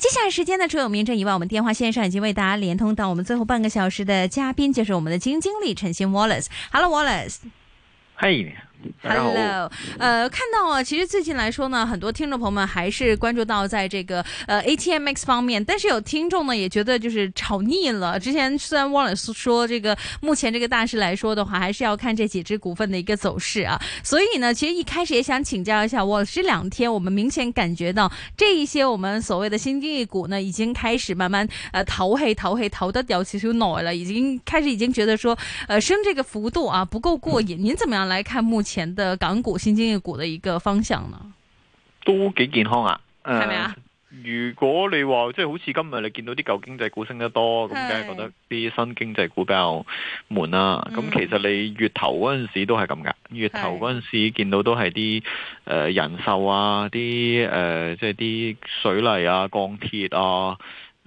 接下來時間呢，除了名證以外，我們電話線上已經為大家連通到我們最後半個小時的嘉賓，就是我們的基金經理陳昕 Wallace。Hello，Wallace。Hey Hello，, Hello 呃，看到啊，其實最近來說呢，很多聽眾朋友們還是關注到在這個呃 ATMX 方面，但是有聽眾呢也覺得就是炒膩了。之前雖然汪老師說這個目前這個大勢來說的話，還是要看這幾隻股份的一個走勢啊。所以呢，其實一開始也想請教一下，我這兩天我們明顯感覺到這一些我們所謂的新經濟股呢，已經開始慢慢呃逃黑、逃黑、逃得掉，其實就惱了，已經開始已經覺得說呃升這個幅度啊不夠過癮。您怎麼樣來看目前？ 前嘅港股新經濟股嘅一個方向呢？都幾健康啊，係咪啊？如果你話即係好似今日你見到啲舊經濟股升得多，咁梗係覺得啲新經濟股比較悶啦、啊。咁其實你月頭嗰陣時都係咁噶，月頭嗰陣時見到都係啲誒人壽啊，啲誒、呃、即係啲水泥啊，鋼鐵啊。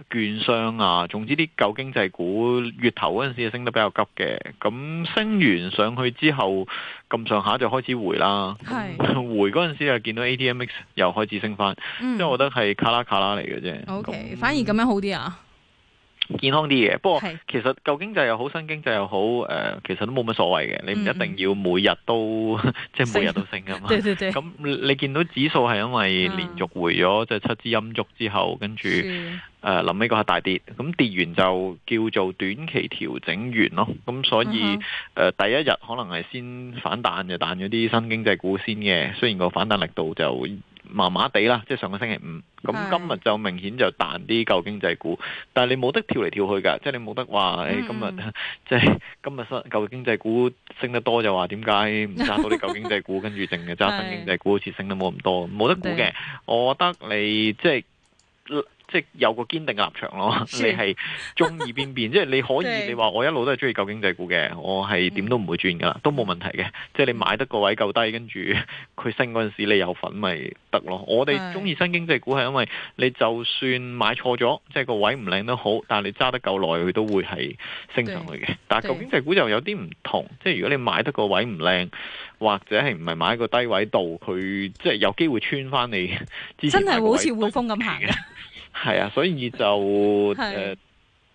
券商啊，總之啲舊經濟股月頭嗰陣時候就升得比較急嘅，咁升完上去之後咁上下就開始回啦。回嗰陣時就見到 A T M X 又開始升翻，即、嗯、係我覺得係卡拉卡拉嚟嘅啫。O、okay, K，反而咁樣好啲啊。健康啲嘅，不過其實舊經濟又好新經濟又好，誒、呃，其實都冇乜所謂嘅，你唔一定要每日都即係、嗯、 每日都升噶嘛。咁 你見到指數係因為連續回咗即係七支陰燭之後，跟住誒臨尾個係大跌，咁跌完就叫做短期調整完咯。咁所以誒、嗯呃、第一日可能係先反彈就彈咗啲新經濟股先嘅，雖然個反彈力度就麻麻地啦，即係上個星期五，咁今日就明顯就彈啲舊經濟股，但係你冇得跳嚟跳去噶，即係你冇得話，今日即係今日新舊經濟股升得多就話點解唔揸到啲舊經濟股，跟住淨係揸新經濟股，好似升得冇咁多，冇得估嘅，我覺得你即係。就是即係有個堅定嘅立場咯，你係中意變變， 即係你可以你話我一路都係中意舊經濟股嘅，我係點都唔會轉噶啦，都冇問題嘅。即係你買得個位夠低，跟住佢升嗰陣時你有份咪得咯。我哋中意新經濟股係因為你就算買錯咗，即係個位唔靚都好，但係你揸得夠耐，佢都會係升上去嘅。但係舊經濟股又有啲唔同，即係如果你買得個位唔靚，或者係唔係買一個低位度，佢即係有機會穿翻你，真係會好似匯豐咁行嘅。 係啊，所以就誒，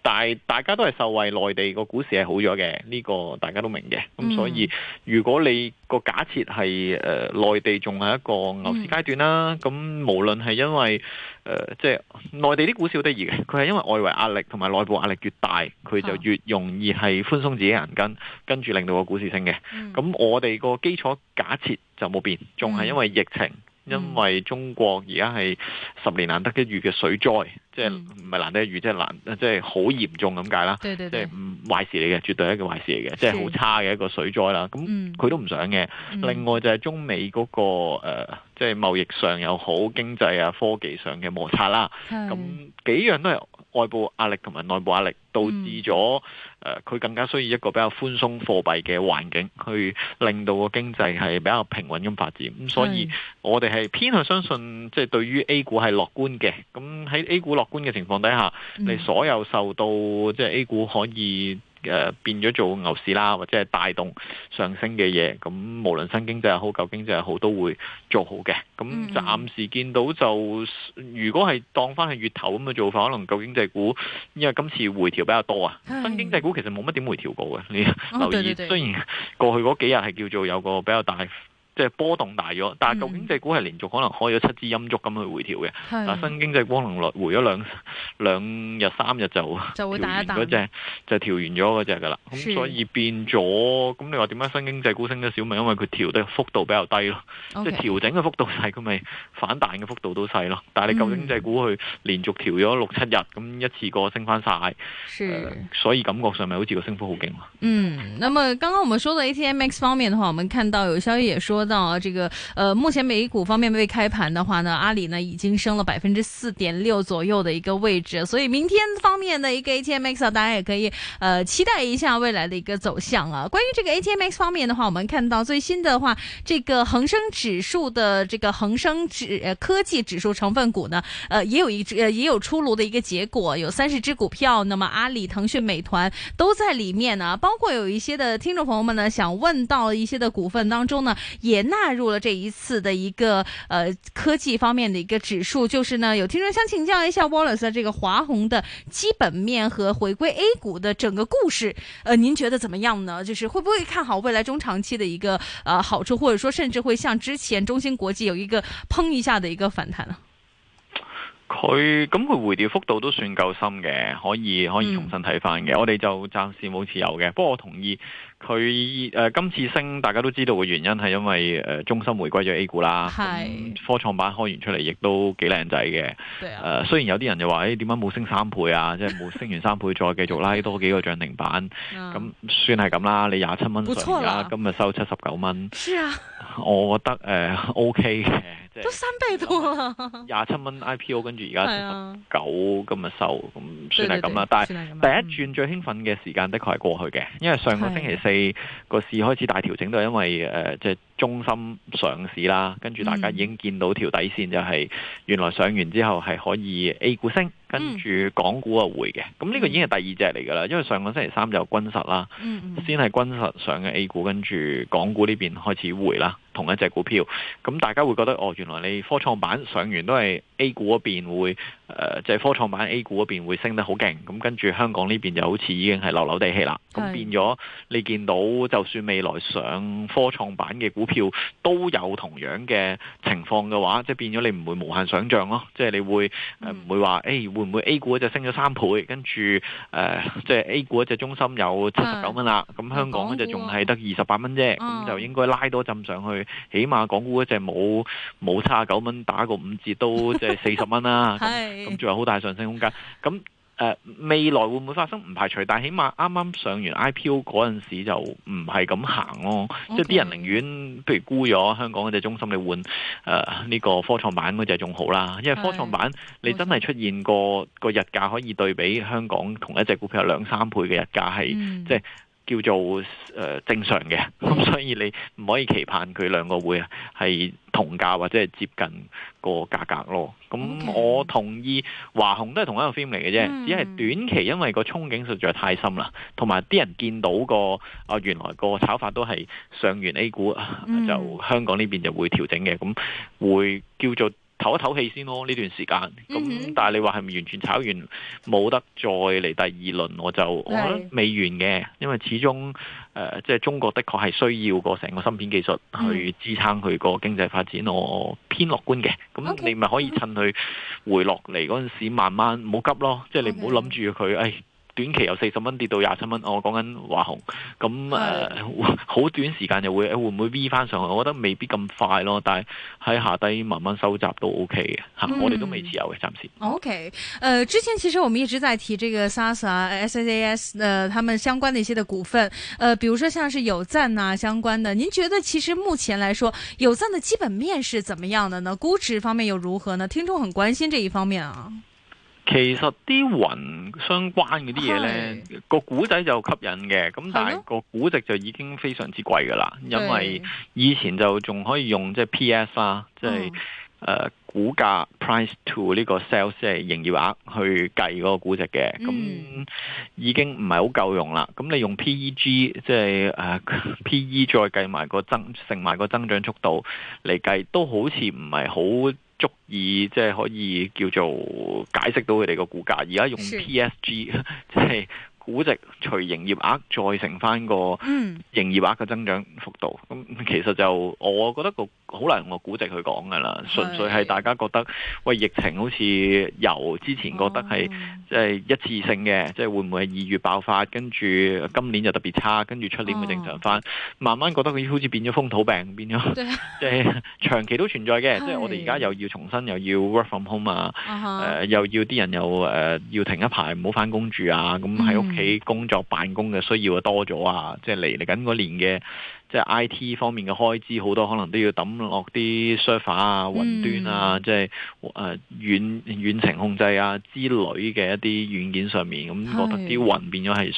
大、呃、大家都係受惠內地個股市係好咗嘅，呢、這個大家都明嘅。咁、嗯、所以，如果你個假設係誒內地仲係一個牛市階段啦，咁無論係因為誒、呃、即係內地啲股市好得意嘅，佢係因為外圍壓力同埋內部壓力越大，佢就越容易係寬鬆自己銀根、啊，跟住令到個股市升嘅。咁、嗯、我哋個基礎假設就冇變，仲係因為疫情。嗯因為中國而家係十年難得一遇嘅水災，嗯，即係唔係難得一遇，即、就、係、是、難，即係好嚴重咁解啦。即係唔壞事嚟嘅，絕對係一個壞事嚟嘅，即係好差嘅一個水災啦。咁、嗯、佢都唔想嘅、嗯。另外就係中美嗰、那個誒，即係貿易上又好，經濟啊、科技上嘅摩擦啦。咁幾樣都係外部壓力同埋內部壓力導致咗。誒、呃，佢更加需要一個比較寬鬆貨幣嘅環境，去令到個經濟係比較平穩咁發展。咁所以，我哋係偏向相信，即係對於 A 股係樂觀嘅。咁喺 A 股樂觀嘅情況底下，你所有受到即係 A 股可以。誒、呃、變咗做牛市啦，或者係帶動上升嘅嘢，咁無論新經濟又好舊經濟又好，都會做好嘅。咁暫時見到就，如果係當翻係月頭咁嘅做法，可能舊經濟股因為今次回調比較多啊，新經濟股其實冇乜點回調過嘅。你、哦、留意對對對對，雖然過去嗰幾日係叫做有個比較大。即、就、係、是、波動大咗，但係舊經濟股係連續可能開咗七支陰燭咁去回調嘅，嗱、嗯、新經濟股可能回咗兩兩日三日就調完嗰隻就調完咗嗰隻㗎啦。咁所以變咗，咁你話點解新經濟股升得少？咪、就是、因為佢調得幅度比較低咯，即、okay. 係調整嘅幅度細，佢咪反彈嘅幅度都細咯。但係你舊經濟股去連續調咗六七日，咁一次過升翻晒、呃，所以感覺上咪好似個升幅好勁嘛。嗯，咁啊，剛剛我們講到 ATMX 方面嘅話，我們看到有消息也說。到這個呃，目前美股方面未開盤的話呢，阿里呢已經升了百分之四點六左右的一個位置，所以明天方面的一個 ATMX 啊，大家也可以呃期待一下未來的一個走向啊。關於這個 ATMX 方面的話，我們看到最新的話，這個恒生指數的這個恒生指呃科技指數成分股呢，呃也有一只呃也有出爐的一個結果，有三十隻股票，那麼阿里、騰訊、美團都在裏面呢，包括有一些的聽眾朋友們呢想問到一些的股份當中呢也。也納入了這一次的一個呃科技方面的一個指數，就是呢，有聽眾想請教一下 Wallace 的這個華虹的基本面和回歸 A 股的整個故事，呃，您覺得怎麼樣呢？就是會不會看好未來中長期的一個呃好處，或者說甚至會像之前中芯國際有一個砰一下的一個反彈呢？佢咁佢回調幅度都算夠深嘅，可以可以重新睇返嘅。我哋就暫時冇持有嘅，不過我同意。佢、呃、今次升大家都知道嘅原因係因為誒、呃、中心回歸咗 A 股啦，咁科創板開完出嚟亦都幾靚仔嘅。雖然有啲人就話：欸「誒點解冇升三倍啊？ 即係冇升完三倍再繼續拉多幾個漲停板，咁、 嗯、算係咁啦。你廿七蚊，上㗎，冇錯啦，今日收七十九蚊，是啊，我覺得誒、呃、OK 嘅。都三倍到啊，廿七蚊 IPO 跟住而家四十九咁啊收，咁算係咁啦。但係第一轉最興奮嘅時間的確係過去嘅、嗯，因為上個星期四個市開始大調整，都係因為誒即係。呃就是中心上市啦，跟住大家已經見到條底線，就係原來上完之後，係可以 A 股升，跟住港股啊回嘅。咁、這、呢個已經係第二隻嚟㗎啦，因為上個星期三就有軍實啦，先係軍實上嘅 A 股，跟住港股呢邊開始回啦，同一隻股票。咁大家會覺得哦，原來你科創板上完都係 A 股嗰邊會。誒、呃，即、就、係、是、科創板 A 股嗰邊會升得好勁，咁跟住香港呢邊就好似已經係流流地氣啦，咁變咗你見到就算未來上科創板嘅股票都有同樣嘅情況嘅話，即係變咗你唔會無限想象咯，即係你會唔、呃嗯、會話誒、哎、會唔會 A 股一隻升咗三倍，跟住誒即係 A 股一隻中心有七十九蚊啦，咁香港咧就仲係得二十八蚊啫，咁、嗯、就應該拉多浸上去，啊、起碼港股一隻冇冇七九蚊打個五折都即係四十蚊啦。 咁仲有好大上升空間。咁、呃、未來會唔會發生？唔排除，但起碼啱啱上完 IPO 嗰陣時就唔係咁行咯，okay. 即係啲人寧願譬如沽咗香港嗰隻中心，你換誒呢個科創板嗰隻仲好啦，因為科創板你真係出現過個日價可以對比香港同一隻股票有兩三倍嘅日價、嗯、即係。叫做誒、呃、正常嘅，咁、mm -hmm. 所以你唔可以期盼佢兩個會係同價或者係接近個價格咯。咁我同意、okay. 華雄都係同一個 film 嚟嘅啫，mm -hmm. 只係短期因為個憧憬實在太深啦，同埋啲人見到個啊原來個炒法都係上完 A 股、mm -hmm. 就香港呢邊就會調整嘅，咁會叫做。唞一唞氣先咯，呢段時間。咁，嗯，但係你話係咪完全炒完，冇得再嚟第二輪，我就我覺得未完嘅，因為始終誒即係中國的確係需要個成個芯片技術去支撐佢個經濟發展，我偏樂觀嘅。咁你咪可以趁佢回落嚟嗰陣時，慢慢唔好急咯，即係你唔好諗住佢誒。哎 okay. 短期由四十蚊跌到廿七蚊，我講緊華虹，咁誒，好短時間就會會唔會 V 翻上去？我覺得未必咁快咯，但係喺下低慢慢收集都 OK 嘅吓，我哋都未持有嘅暫時。OK，、嗯、誒、嗯嗯嗯嗯，之前其實我們一直在提這個 SASA、啊、SAS，誒、啊，他們相關的一些的股份，誒、呃，比如說像是有讚啊相關的，您覺得其實目前來說，有讚的基本面是怎麼樣的呢？估值方面又如何呢？聽眾很關心這一方面啊。其實啲雲相關嗰啲嘢呢，個故仔就吸引嘅，咁但係個估值就已經非常之貴噶啦。因為以前就仲可以用即係、就是、P/S 啦、就是、啊，即係股價 Price to 呢個 Sales 即係營業額去計嗰個估值嘅，咁、嗯、已經唔係好夠用啦。咁你用 PEG 即係、啊、 PE 再計埋個增乘埋個增長速度嚟計，都好似唔係好足以即係可以叫做解釋到佢哋個股價，而家用 PSG 即係。估值除營業額再乘翻個營業額嘅增長幅度，咁、嗯、其實就我覺得個好難用估值去講㗎啦，純粹係大家覺得，喂疫情好似由之前覺得係即係一次性嘅，即係會唔會係二月爆發，跟住今年就特別差，跟住出年會正常翻、啊，慢慢覺得佢好似變咗風土病，變咗即係長期都存在嘅。即係我哋而家又要重新又要 work from home 啊，誒、啊呃、又要啲人又誒、呃、要停一排唔好返工住啊，咁喺屋企、嗯。起工作辦公嘅需要啊多咗啊，即係嚟嚟緊嗰年嘅。即係 I T 方面嘅開支，好多可能都要抌落啲 s e r v e r 啊、雲端啊，即係誒遠遠程控制啊之類嘅一啲軟件上面，咁覺得啲雲變咗係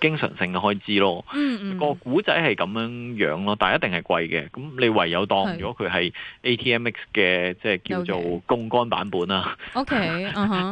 經常性嘅開支咯。嗯嗯，那個故仔係咁樣樣咯，但係一定係貴嘅。咁你唯有當咗佢係 A T M X 嘅，即係叫做槓桿版本啊。O K，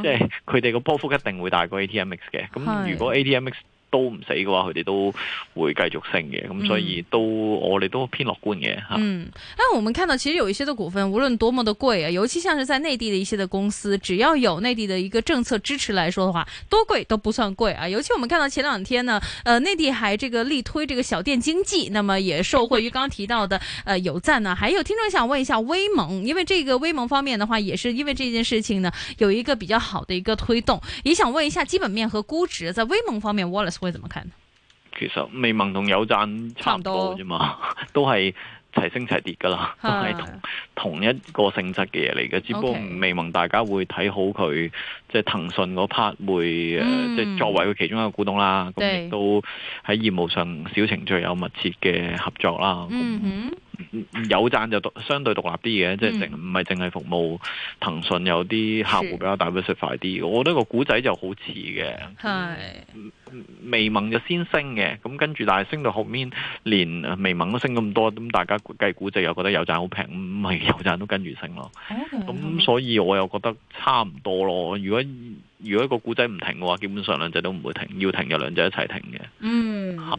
即係佢哋個波幅一定會大過 A T M X 嘅。咁如果 A T M X 都唔死嘅話，佢哋都會繼續升嘅，咁所以都、嗯、我哋都偏樂觀嘅嗯，因為我們看到其實有一些的股份，無論多麼的貴啊，尤其像是在內地的一些的公司，只要有內地的一個政策支持來說的話，多貴都不算貴啊。尤其我們看到前兩天呢，呃內地還這個力推這個小店經濟，那麼也受惠於剛剛，剛提到的，呃有贊呢、啊。還有聽眾想問一下威盟，因為這個威盟方面的話，也是因為這件事情呢，有一個比較好的一個推動，也想問一下基本面和估值，在威盟方面，Wallace。會怎麼看？其實微盟同有贊差唔多啫嘛，都係齊升齊跌噶啦，都係是同。 同一個性質嘅嘢嚟嘅，只不過微盟大家會睇好佢，okay. 嗯，即係騰訊嗰 part 會誒，即係作為佢其中一個股東啦，咁亦都喺業務上小程序有密切嘅合作啦，嗯。有贊就獨相對獨立啲嘅，嗯，即係淨唔係淨係服務騰訊有啲客戶比較大 business 快啲。我覺得個股仔就好似嘅，係、嗯、微盟就先升嘅，咁跟住但係升到後面連微盟都升咁多，咁大家計估值又覺得有贊好平，唔、嗯、係。油站都跟住升咯，咁、oh, yes, yes, yes. 所以我又覺得差唔多咯。如果如果一個股仔唔停嘅話，基本上兩隻都唔會停。要停就兩隻一齊停嘅。嗯，好。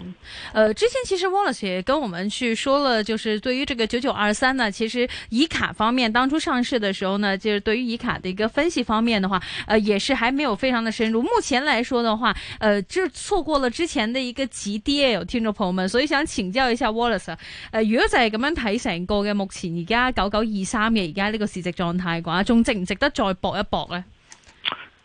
呃，之前其實 Wallace 也跟我們去說了，就是對於這個九九二三呢，其實以卡方面當初上市的時候呢，就是對於以卡的一個分析方面的話，呃，也是還沒有非常的深入。目前來說的話，呃，就錯過了之前的一個急跌。聽眾朋友們，所以想請教一下 Wallace，呃，如果就係咁樣睇成個嘅目前而家九九二三嘅而家呢個市值狀態嘅話，仲值唔值得再搏一搏咧？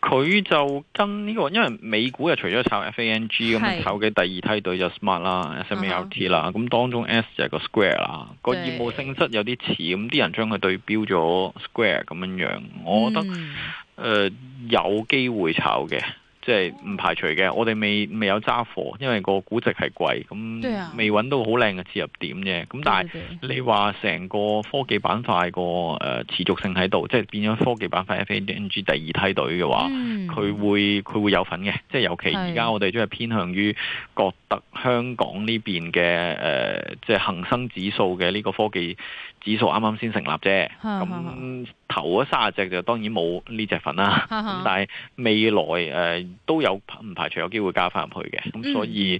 佢就跟呢、這個，因為美股又除咗炒 FANG 咁，炒嘅第二梯隊就 Smart 啦、SMLT 啦、uh -huh.，咁當中 S 就係個 Square 啦，個業務性質有啲似，咁啲人將佢對標咗 Square 咁樣樣，我覺得誒、嗯呃、有機會炒嘅。即係唔排除嘅，我哋未未有揸貨，因為個估值係貴，咁未揾到好靚嘅切入點啫。咁但係你話成個科技板塊個、呃、持續性喺度，即係變咗科技板塊 FANG 第二梯隊嘅話，佢、嗯、會佢會有份嘅。即係尤其而家我哋都係偏向於覺得香港呢邊嘅誒、呃，即係恒生指數嘅呢個科技。指數啱啱先成立啫，咁頭嗰三十隻就當然冇呢隻份啦。 但係未來誒、呃、都有唔排除有機會加翻入去嘅，咁、嗯、所以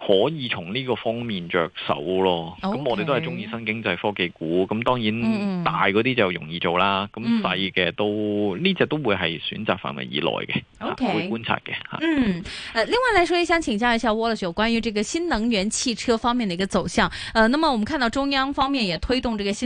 可以從呢個方面着手咯。咁、okay，我哋都係鍾意新經濟科技股，咁當然大嗰啲就容易做啦。咁細嘅都呢隻、嗯、都會係選擇範圍以內嘅、okay，啊，會觀察嘅。嗯，誒另外咧，所 以想請教一下 Wallace 有關於這個新能源汽車方面嘅一個走向。誒、呃，那麼我們看到中央方面也推動這個新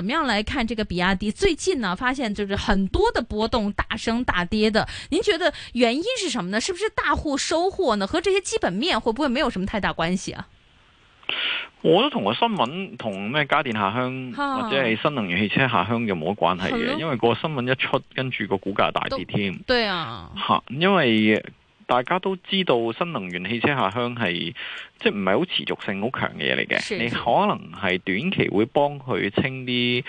怎麼樣來看這個比亞迪？最近呢，發現就是很多的波動，大升大跌的。您覺得原因是什麼呢？是不是大戶收貨呢？和這些基本面會不會沒有什麼太大關係啊？我都同個新聞同咩家電下鄉 或者係新能源汽車下鄉就冇關係嘅， 因為個新聞一出，跟住個股價大跌添 。對啊，吓，因為大家都知道新能源汽車下鄉係。即係唔係好持續性好強嘅嘢嚟嘅，你可能係短期會幫佢清啲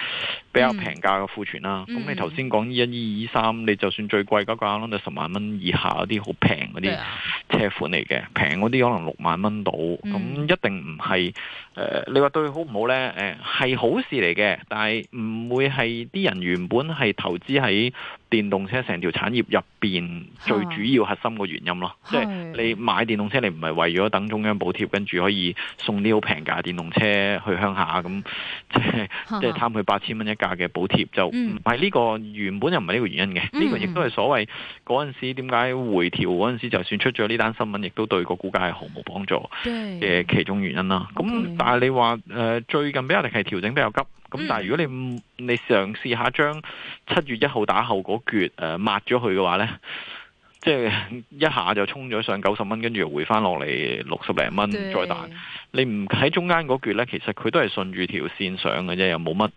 比較平價嘅庫存啦。咁、嗯、你頭先講一、二、三，你就算最貴嗰個、啊、可能就十萬蚊以下嗰啲好平嗰啲車款嚟嘅，平嗰啲可能六萬蚊到。咁一定唔係誒，你話對佢好唔好咧？誒、呃，係好事嚟嘅，但係唔會係啲人原本係投資喺電動車成條產業入邊最主要核心嘅原因咯、啊。即係你買電動車，你唔係為咗等中央補貼。跟住可以送啲好平價電動車去鄉下，咁即係即係貪佢八千蚊一架嘅補貼，就唔係呢個、嗯、原本又唔係呢個原因嘅，呢、嗯、個亦都係所謂嗰陣時點解回調嗰陣時，就算出咗呢單新聞，亦都對個股價係毫無幫助嘅其中原因啦。咁、嗯、但係你話誒、呃、最近比較定係調整比較急，咁但係如果你你嘗試下將七月一號打後嗰橛誒抹咗佢嘅話呢。即係一下就衝咗上九十蚊，跟住又回翻落嚟六十零蚊，再彈。你唔喺中間嗰撅呢，其實佢都係順住條線上嘅啫，又冇乜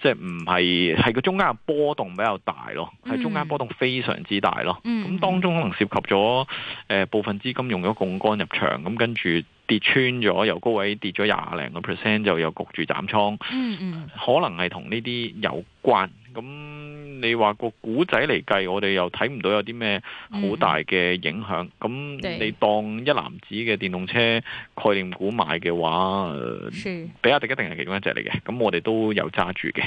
即係唔係係個中間嘅波動比較大咯，係、嗯、中間波動非常之大咯。咁、嗯、當中可能涉及咗、呃、部分資金用咗槓杆入場，咁跟住跌穿咗，由高位跌咗廿零個 percent，就又焗住斬倉。可能係同呢啲有關。咁你話個股仔嚟計，我哋又睇唔到有啲咩好大嘅影響。咁、嗯、你當一籃子嘅電動車概念股買嘅話，呃、比亞迪一定係其中一隻嚟嘅。咁我哋都有揸住嘅。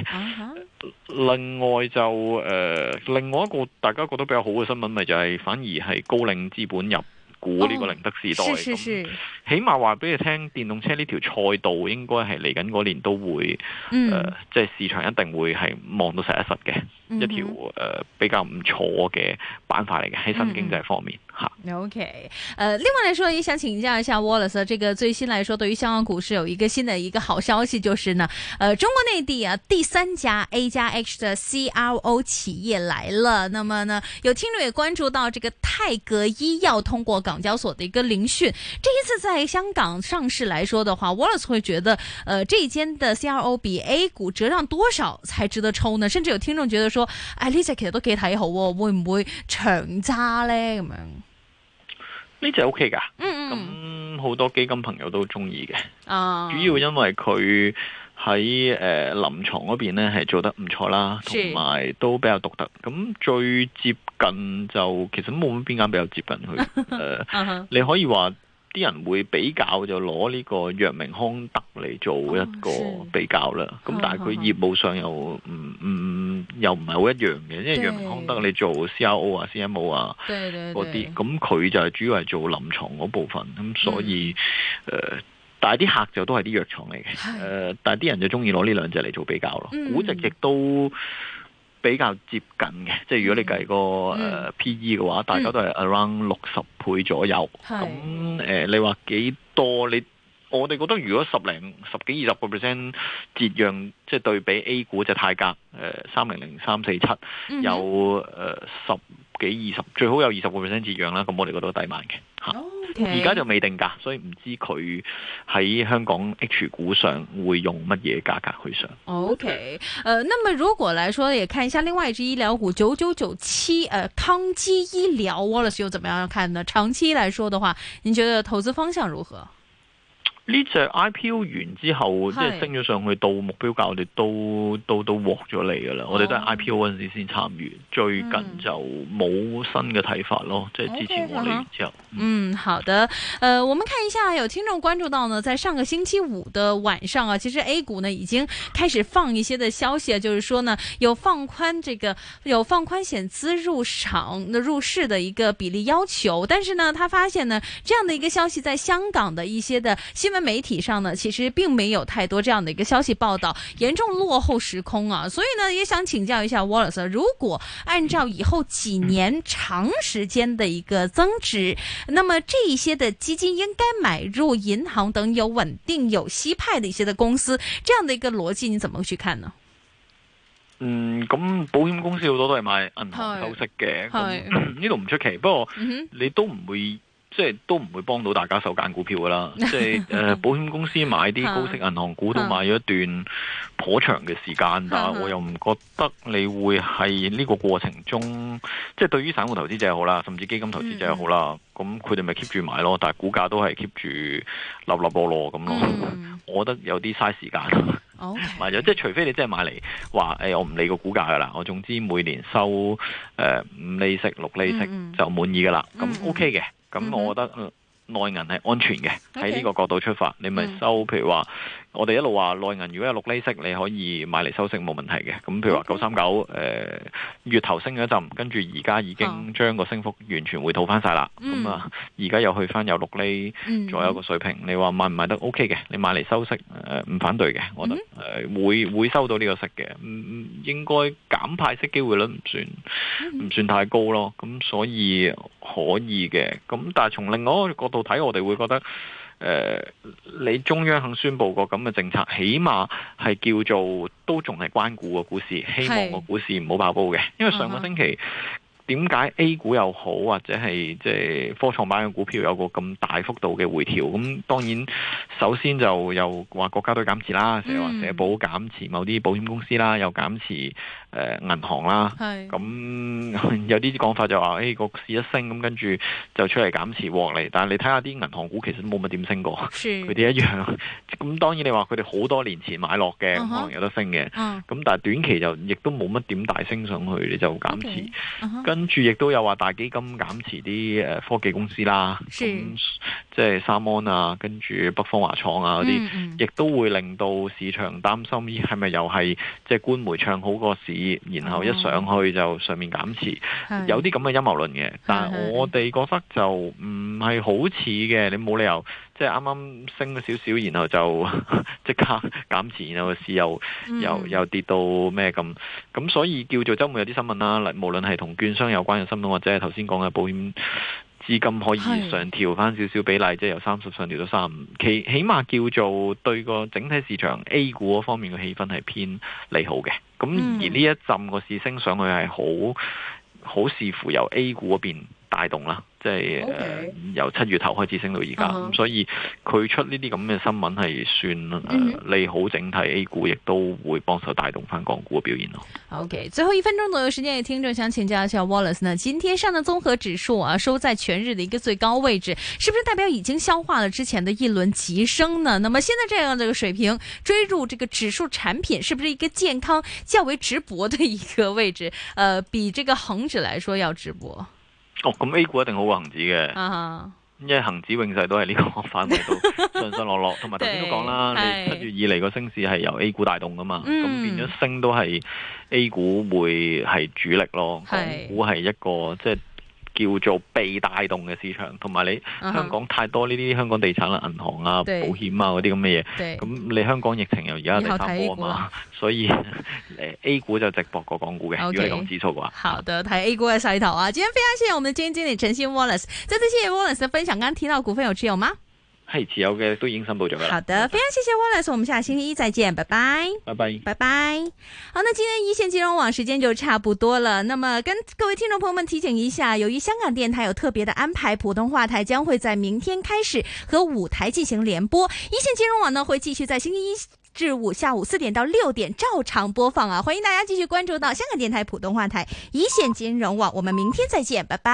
另外就誒、呃，另外一個大家覺得比較好嘅新聞，咪就係反而係高瓴資本入股呢個寧德時代。哦是是是。起碼話俾你聽，電動車呢條賽道應該係嚟緊嗰年都會，誒、嗯呃，即係市場一定會係望到實一實嘅、嗯、一條誒、呃、比較唔錯嘅板塊嚟嘅喺新經濟方面吓。OK、嗯、誒、啊，另外來說，也想請教一下 Wallace，這個最新來說，對於香港股市有一個新的一個好消息，就是呢，誒、呃，中國內地啊第三家 A 加 H 的 CRO 企業來了。那麼呢，有聽眾也關注到，這個泰格醫藥通過港交所的一個聆訊，這一次在。香港上市來說的話，Wallace 會覺得，誒、呃，這間的 CRO 比 A 股折讓多少才值得抽呢？甚至有聽眾覺得說，誒、哎，呢隻其實都幾睇好，會唔會長揸呢？咁樣呢隻 O K 噶，嗯嗯，咁好多基金朋友都中意嘅，啊，主要因為佢喺誒臨床嗰邊呢係做得唔錯啦，同埋都比較獨特。咁最接近就其實冇乜邊間比較接近佢，誒、 呃 uh -huh，你可以話。啲人會比較就攞呢個藥明康德嚟做一個比較啦，咁、哦、但係佢業務上又唔唔、嗯嗯、又唔係好一樣嘅，因為藥明康德你做 CRO 啊、CMO 啊嗰啲，咁佢就係主要係做臨床嗰部分，咁所以誒、嗯呃，但係啲客就都係啲藥廠嚟嘅，誒、呃，但係啲人就中意攞呢兩隻嚟做比較咯、嗯，估值亦都。比較接近嘅，即係如果你計個誒、嗯呃、P/E 嘅話，大家都係 around 六十倍左右。咁、嗯、誒、呃，你話幾多？你我哋覺得如果十零十幾二十個 percent 折讓，即係對比 A 股隻泰格誒三零零三四七有誒十。嗯幾二十最好有二十個 percent 折讓啦，咁我哋嗰度抵買嘅吓。Okay. 而家就未定價，所以唔知佢喺香港 H 股上會用乜嘢價格去上。OK，誒、okay. 呃，那麼如果來說，也看一下另外一隻醫療股九九九七，誒，康基醫療 Wallace 又怎麼樣看呢？長期來說的話，你覺得投資方向如何？呢隻 IPO 完之後，即係升咗上去到目標價，我哋都都都獲咗利㗎喇。我哋都係 IPO 嗰陣時先參與，最近就冇新嘅睇法咯。嗯、即係之前獲咗之後 okay,、so. 嗯。嗯，好的。呃，我們看一下，有聽眾關注到呢，在上個星期五的晚上啊，其實 A 股呢已經開始放一些的消息，啊，就是說呢有放寬這個有放寬險資入場的入市的一個比例要求。但是呢，他發現呢這樣的，一個消息在香港的一些的新聞。媒體上呢，其實並沒有太多這樣的一個消息報道，嚴重落後時空啊。所以呢，也想請教一下 Wallace，如果按照以後幾年長時間的一個增值，嗯，那麼這一些的基金應該買入銀行等有穩定、有息派的一些的公司，這樣的一個邏輯你怎麼去看呢？嗯，咁保險公司好多都係買銀行、收息嘅，呢度唔出奇。不過你都唔會，嗯即係都唔會幫到大家手揀股票噶啦， 即係、呃、保險公司買啲高息銀行股都買咗一段頗長嘅時間， 但係我又唔覺得你會係呢個過程中， 即係對於散戶投資者好啦，甚至基金投資者好啦，咁佢哋咪 keep 住買咯，但係股價都係 keep 住立立落羅咁咯，我覺得有啲嘥時間。嗯 買咗，即係除非你真係買嚟話，誒、欸，我唔理個股價噶啦，我總之每年收誒五厘息六厘息就滿意噶啦，咁、mm -hmm. OK 嘅，咁我覺得內銀係安全嘅，喺、mm、呢 -hmm. 個角度出發，okay. 你咪收，譬如話。我哋一路話內銀，內銀如果有六厘息，你可以買嚟收息冇問題嘅。咁譬如話九三九，月頭升咗一陣，跟住而家已經將個升幅完全回吐翻晒啦。咁、okay. 啊、嗯，而、嗯、家又去翻有六厘左右個水平。嗯嗯、你話買唔買得 OK 嘅？你買嚟收息，唔、呃、反對嘅。我覺得誒、嗯呃、會會收到呢個息嘅。唔應應該減派息機會率唔算唔、嗯、算太高咯。咁所以可以嘅。咁但係從另外一個角度睇，我哋會覺得。誒、呃，你中央肯宣布個咁嘅政策，起碼係叫做都仲係關顧個股市，希望個股市唔好爆煲嘅，因為上個星期。點解 A 股又好，或者係即係科創板嘅股票有個咁大幅度嘅回調？咁當然，首先就又話國家都減持啦，成日話社保減持某啲保險公司啦，又減持誒銀行啦。咁有啲講法就話，誒、欸、個市一升，咁跟住就出嚟減持獲利。但係你睇下啲銀行股，其實都冇乜點升過，佢哋一樣。咁當然你話佢哋好多年前買落嘅，可能、uh-huh, 有得升嘅。咁、uh -huh. 但係短期就亦都冇乜點大升上去，你就減持。Okay, uh -huh. 跟跟住亦都有話大基金減持啲科技公司啦，即係、嗯就是、三安啊，跟住北方華創啊嗰啲，亦、嗯嗯、都會令到市場擔心是是是，係咪又係即係官媒唱好個市，然後一上去就上面減持，哦、有啲咁嘅陰謀論嘅。但係我哋覺得就唔係好似嘅，你冇理由。即係啱啱升咗少少，然後就即 刻減持，然後市又、嗯、又又跌到咩咁？咁所以叫做周末有啲新聞啦，無論係同券商有關嘅新聞，或者係頭先講嘅保險資金可以上調翻少少比例，是即係由三十上調到三十五，起碼叫做對個整體市場 A 股嗰方面嘅氣氛係偏利好嘅。咁、嗯、而呢一浸個市上升上去係好好視乎由 A 股嗰邊帶動啦。即係、呃 okay. 由七月頭開始升到而家、uh -huh. 嗯，所以佢出呢啲咁嘅新聞係算利、呃 mm -hmm. 好整體 A 股，亦都會幫手帶動翻港股嘅表現咯。OK，最後一分鐘左右時間，有聽眾想請教一下 Wallace，呢，今天上證綜合指數啊，收在全日嘅一個最高位置，是不是代表已經消化了之前的一輪急升呢？那麼現在這樣嘅水平，追入這個指數產品，是不是一個健康較為值博嘅一個位置、呃？比這個恒指來說要值博。哦，咁 A 股一定好過恒指嘅，uh -huh. 因為恒指永世都係呢個範圍度上上落落，同埋頭先都講啦，你七月以嚟個升市係由 A 股帶動噶嘛，咁、mm. 變咗升都係 A 股會係主力咯，港股係一個即係。 就是叫做被帶動嘅市場，同埋你香港太多呢啲香港地產啦、銀行啊、uh -huh. 保險啊嗰啲咁嘅嘢，咁你香港疫情又而家第三波嘛啊嘛，所以誒、呃、A 股就直博過港股嘅，okay. 如果你咁指數嘅話。好的，睇 A 股嘅勢頭啊！今天非常謝謝我們的基金經理陳昕 Wallace，再次謝謝 Wallace 的分享。剛剛聽到股份有持有嗎？係持有嘅都已經申報咗啦。好的，非常謝謝 Wallace，拜拜，我們下星期一再見，拜拜。拜拜，拜拜。好，那今天一線金融網時間就差不多了。那麼跟各位聽眾朋友們提醒一下，由於香港電台有特別的安排，普通話台將會在明天開始和五台進行聯播。一線金融網呢會繼續在星期一至五下午四點到六點照常播放啊！歡迎大家繼續關注到香港電台普通話台一線金融網，我們明天再見，拜拜。